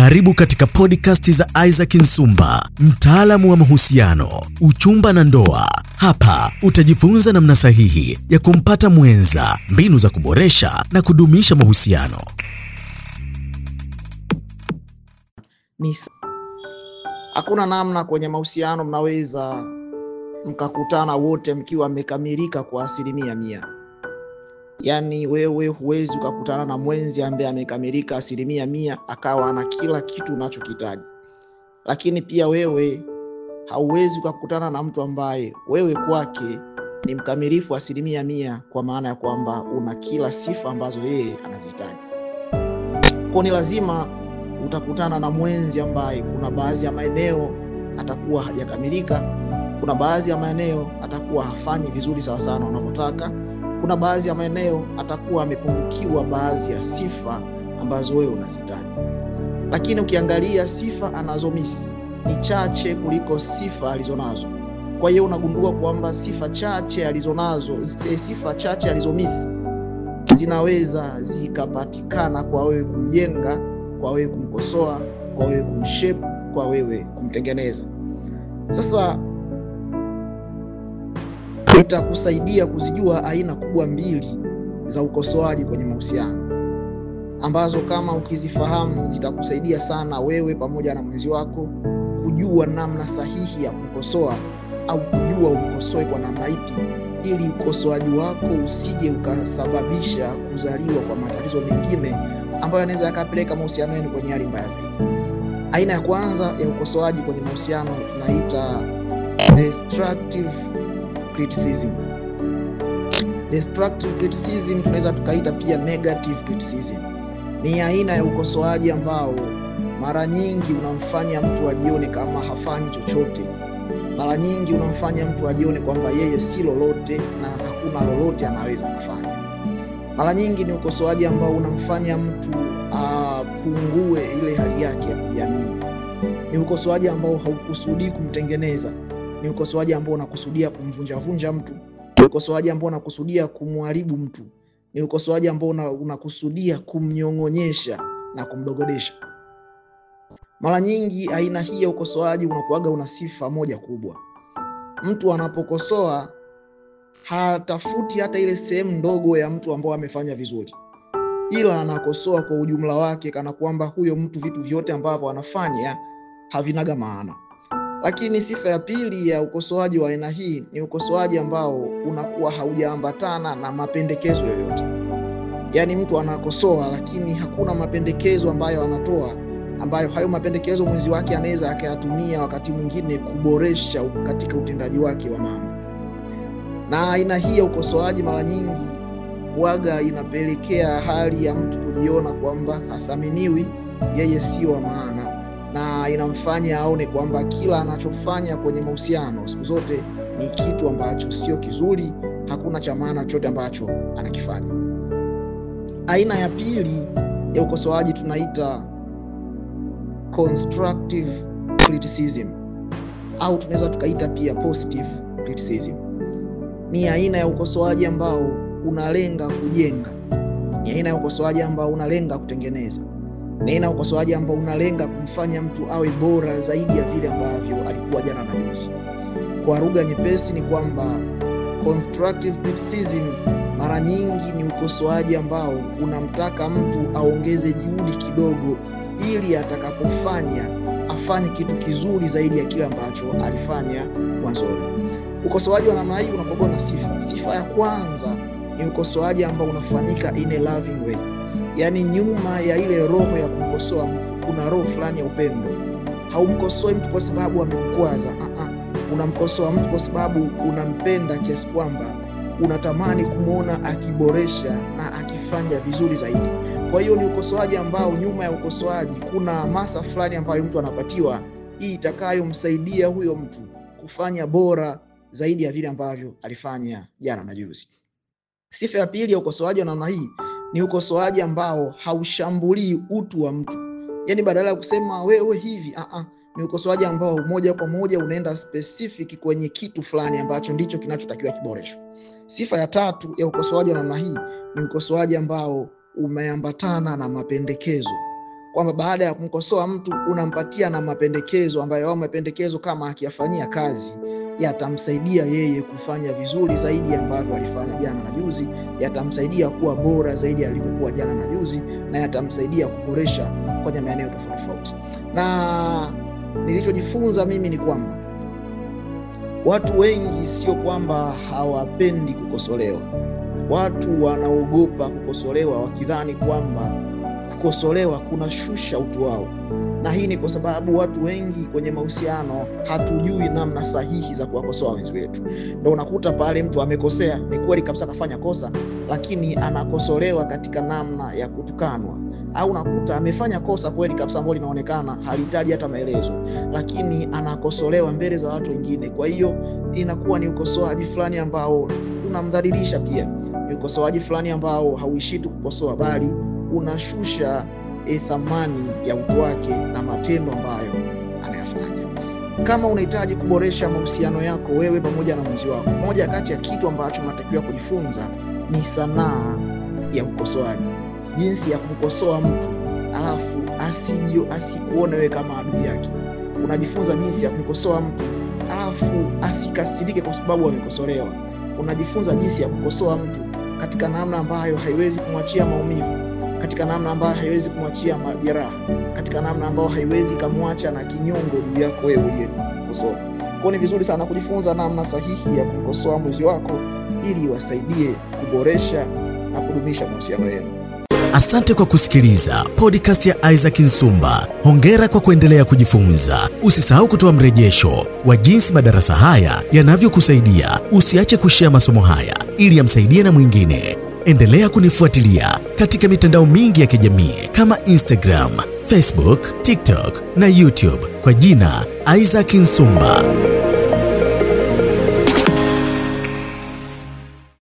Karibu katika podcast za Isaac Nsumba, mtaalamu wa mahusiano, uchumba na ndoa. Hapa utajifunza namna sahihi ya kumpata mwenza, mbinu za kuboresha na kudumisha mahusiano. Hakuna namna kwenye mahusiano mnaweza mkakutana wote mkiwa mmekamilika kwa asilimia mia yani wewe huwezi ukakutana na mwenzi ambaye amekamilika asilimia mia akawa na kila kitu unachokitaji, lakini pia wewe hauwezi ukakutana na mtu ambaye wewe kwake ni mkamilifu asilimia mia, kwa maana ya kwamba una kila sifa ambazo yeye anazihitaji. Kwa ni lazima utakutana na mwenzi ambaye kuna baadhi ya maeneo atakuwa hajakamilika, kuna baadhi ya maeneo atakuwa hafanyi vizuri sawa sana unavyotaka kuna baadhi ya maeneo atakuwa amepungukiwa baadhi ya sifa ambazo wewe unazitaji, lakini ukiangalia sifa anazomisi ni chache kuliko sifa alizonazo. Kwa hiyo unagundua kwamba sifa chache alizonazo, eh, sifa chache alizomisi zinaweza zikapatikana kwa wewe kumjenga, kwa wewe kumkosoa, kwa wewe kumshape, kwa wewe kumtengeneza. Sasa itakusaidia kuzijua aina kubwa mbili za ukosoaji kwenye mahusiano ambazo kama ukizifahamu zitakusaidia sana wewe pamoja na mwenzi wako kujua namna sahihi ya kukosoa au kujua ukosoe kwa namna ipi, ili ukosoaji wako usije ukasababisha kuzaliwa kwa matatizo mengine ambayo yanaweza yakapeleka mahusiano yenu kwenye hali mbaya zaidi. Aina ya kwanza ya ukosoaji kwenye mahusiano tunaita destructive criticism. Destructive criticism tunaweza tukaita pia negative criticism. Ni aina ya ukosoaji ambao mara nyingi unamfanya mtu ajione kama hafanyi chochote. Mara nyingi unamfanya mtu ajione kwamba yeye si lolote na hakuna lolote anaweza kufanya. Mara nyingi ni ukosoaji ambao unamfanya mtu ah, apungue ile hali yake ya kujiamini. Ni ukosoaji ambao haukusudii kumtengeneza ni ukosoaji ambao unakusudia kumvunjavunja mtu, ni ukosoaji ambao unakusudia kumharibu mtu, ni ukosoaji ambao unakusudia kumnyong'onyesha na kumdogodesha. Mara nyingi aina hii ya ukosoaji unakuaga una sifa moja kubwa. Mtu anapokosoa hatafuti hata ile sehemu ndogo ya mtu ambao amefanya vizuri, ila anakosoa kwa ujumla wake, kana kwamba huyo mtu vitu vyote ambavyo anafanya havinaga maana. Lakini sifa ya pili ya ukosoaji wa aina hii ni ukosoaji ambao unakuwa haujaambatana na mapendekezo yoyote. Yaani mtu anakosoa, lakini hakuna mapendekezo ambayo anatoa, ambayo hayo mapendekezo mwenzi wake anaweza akayatumia wakati mwingine kuboresha katika utendaji wake wa mambo. Na aina hii ya ukosoaji mara nyingi waga inapelekea hali ya mtu kujiona kwamba hathaminiwi, yeye sio wa maana na inamfanya aone kwamba kila anachofanya kwenye mahusiano siku zote ni kitu ambacho sio kizuri, hakuna cha maana chote ambacho anakifanya. Aina ya pili ya ukosoaji tunaita constructive criticism au tunaweza tukaita pia positive criticism. Ni aina ya ukosoaji ambao unalenga kujenga, ni aina ya ukosoaji ambao unalenga kutengeneza Nena ukosoaji ambao unalenga kumfanya mtu awe bora zaidi ya vile ambavyo alikuwa jana na juzi. Kwa rugha nyepesi, ni kwamba constructive criticism mara nyingi ni ukosoaji ambao unamtaka mtu aongeze juhudi kidogo, ili atakapofanya afanye kitu kizuri zaidi ya kile ambacho alifanya mwanzoni. Ukosoaji wa namna hii unakuwa na sifa. Sifa ya kwanza ni ukosoaji ambao unafanyika in a loving way yaani nyuma ya ile roho ya kumkosoa mtu kuna roho fulani ya upendo. Haumkosoi mtu kwa sababu amekukwaza, unamkosoa mtu kwa sababu unampenda kiasi kwamba unatamani kumwona akiboresha na akifanya vizuri zaidi. Kwa hiyo ni ukosoaji ambao nyuma ya ukosoaji kuna hamasa fulani ambayo mtu anapatiwa, hii itakayomsaidia huyo mtu kufanya bora zaidi ya vile ambavyo alifanya jana na juzi. Sifa ya pili ya ukosoaji wa namna hii ni ukosoaji ambao haushambulii utu wa mtu, yaani badala ya kusema wewe hivi a ah, ah, ni ukosoaji ambao moja kwa moja unaenda specific kwenye kitu fulani ambacho ndicho kinachotakiwa kiboreshwe. Sifa ya tatu ya ukosoaji wa namna hii ni ukosoaji ambao umeambatana na mapendekezo, kwamba baada ya kumkosoa mtu unampatia na mapendekezo ambayo hayo mapendekezo kama akiyafanyia kazi yatamsaidia yeye kufanya vizuri zaidi ambavyo alifanya jana na juzi yatamsaidia kuwa bora zaidi alivyokuwa jana na juzi, na yatamsaidia kuboresha kwenye maeneo tofauti tofauti. Na nilichojifunza mimi ni kwamba watu wengi sio kwamba hawapendi kukosolewa, watu wanaogopa kukosolewa, wakidhani kwamba kukosolewa kunashusha utu wao na hii ni kwa sababu watu wengi kwenye mahusiano hatujui namna sahihi za kuwakosoa wenzi wetu. Ndo unakuta pale mtu amekosea, ni kweli kabisa akafanya kosa, lakini anakosolewa katika namna ya kutukanwa au nakuta amefanya kosa kweli kabisa ambalo linaonekana halihitaji hata maelezo, lakini anakosolewa mbele za watu wengine. Kwa hiyo inakuwa ni ukosoaji fulani ambao unamdhalilisha, pia ni ukosoaji fulani ambao hauishii tu kukosoa, bali unashusha e, thamani ya utu wake na matendo ambayo anayafanya. Kama unahitaji kuboresha mahusiano yako wewe pamoja na mwenzi wako, moja kati ya kitu ambacho unatakiwa kujifunza ni sanaa ya ukosoaji, jinsi ya kumkosoa mtu alafu asiyo asikuone wewe kama adui yake. Unajifunza jinsi ya kumkosoa mtu alafu asikasirike kwa sababu amekosolewa. Unajifunza jinsi ya kukosoa mtu katika namna ambayo haiwezi kumwachia maumivu katika namna ambayo haiwezi kumwachia majeraha, katika namna ambayo haiwezi ikamwacha na kinyongo juu yako wewe uliyemkosoa. Kwao ni vizuri sana kujifunza namna sahihi ya kukosoa mwezi wako ili iwasaidie kuboresha na kudumisha mahusiano yenu. Asante kwa kusikiliza podcast ya Isaac Nsumba. Hongera kwa kuendelea kujifunza. Usisahau kutoa mrejesho wa jinsi madarasa haya yanavyokusaidia. Usiache kushea masomo haya ili yamsaidie na mwingine. Endelea kunifuatilia katika mitandao mingi ya kijamii kama Instagram, Facebook, TikTok na YouTube kwa jina Isaac Nsumba.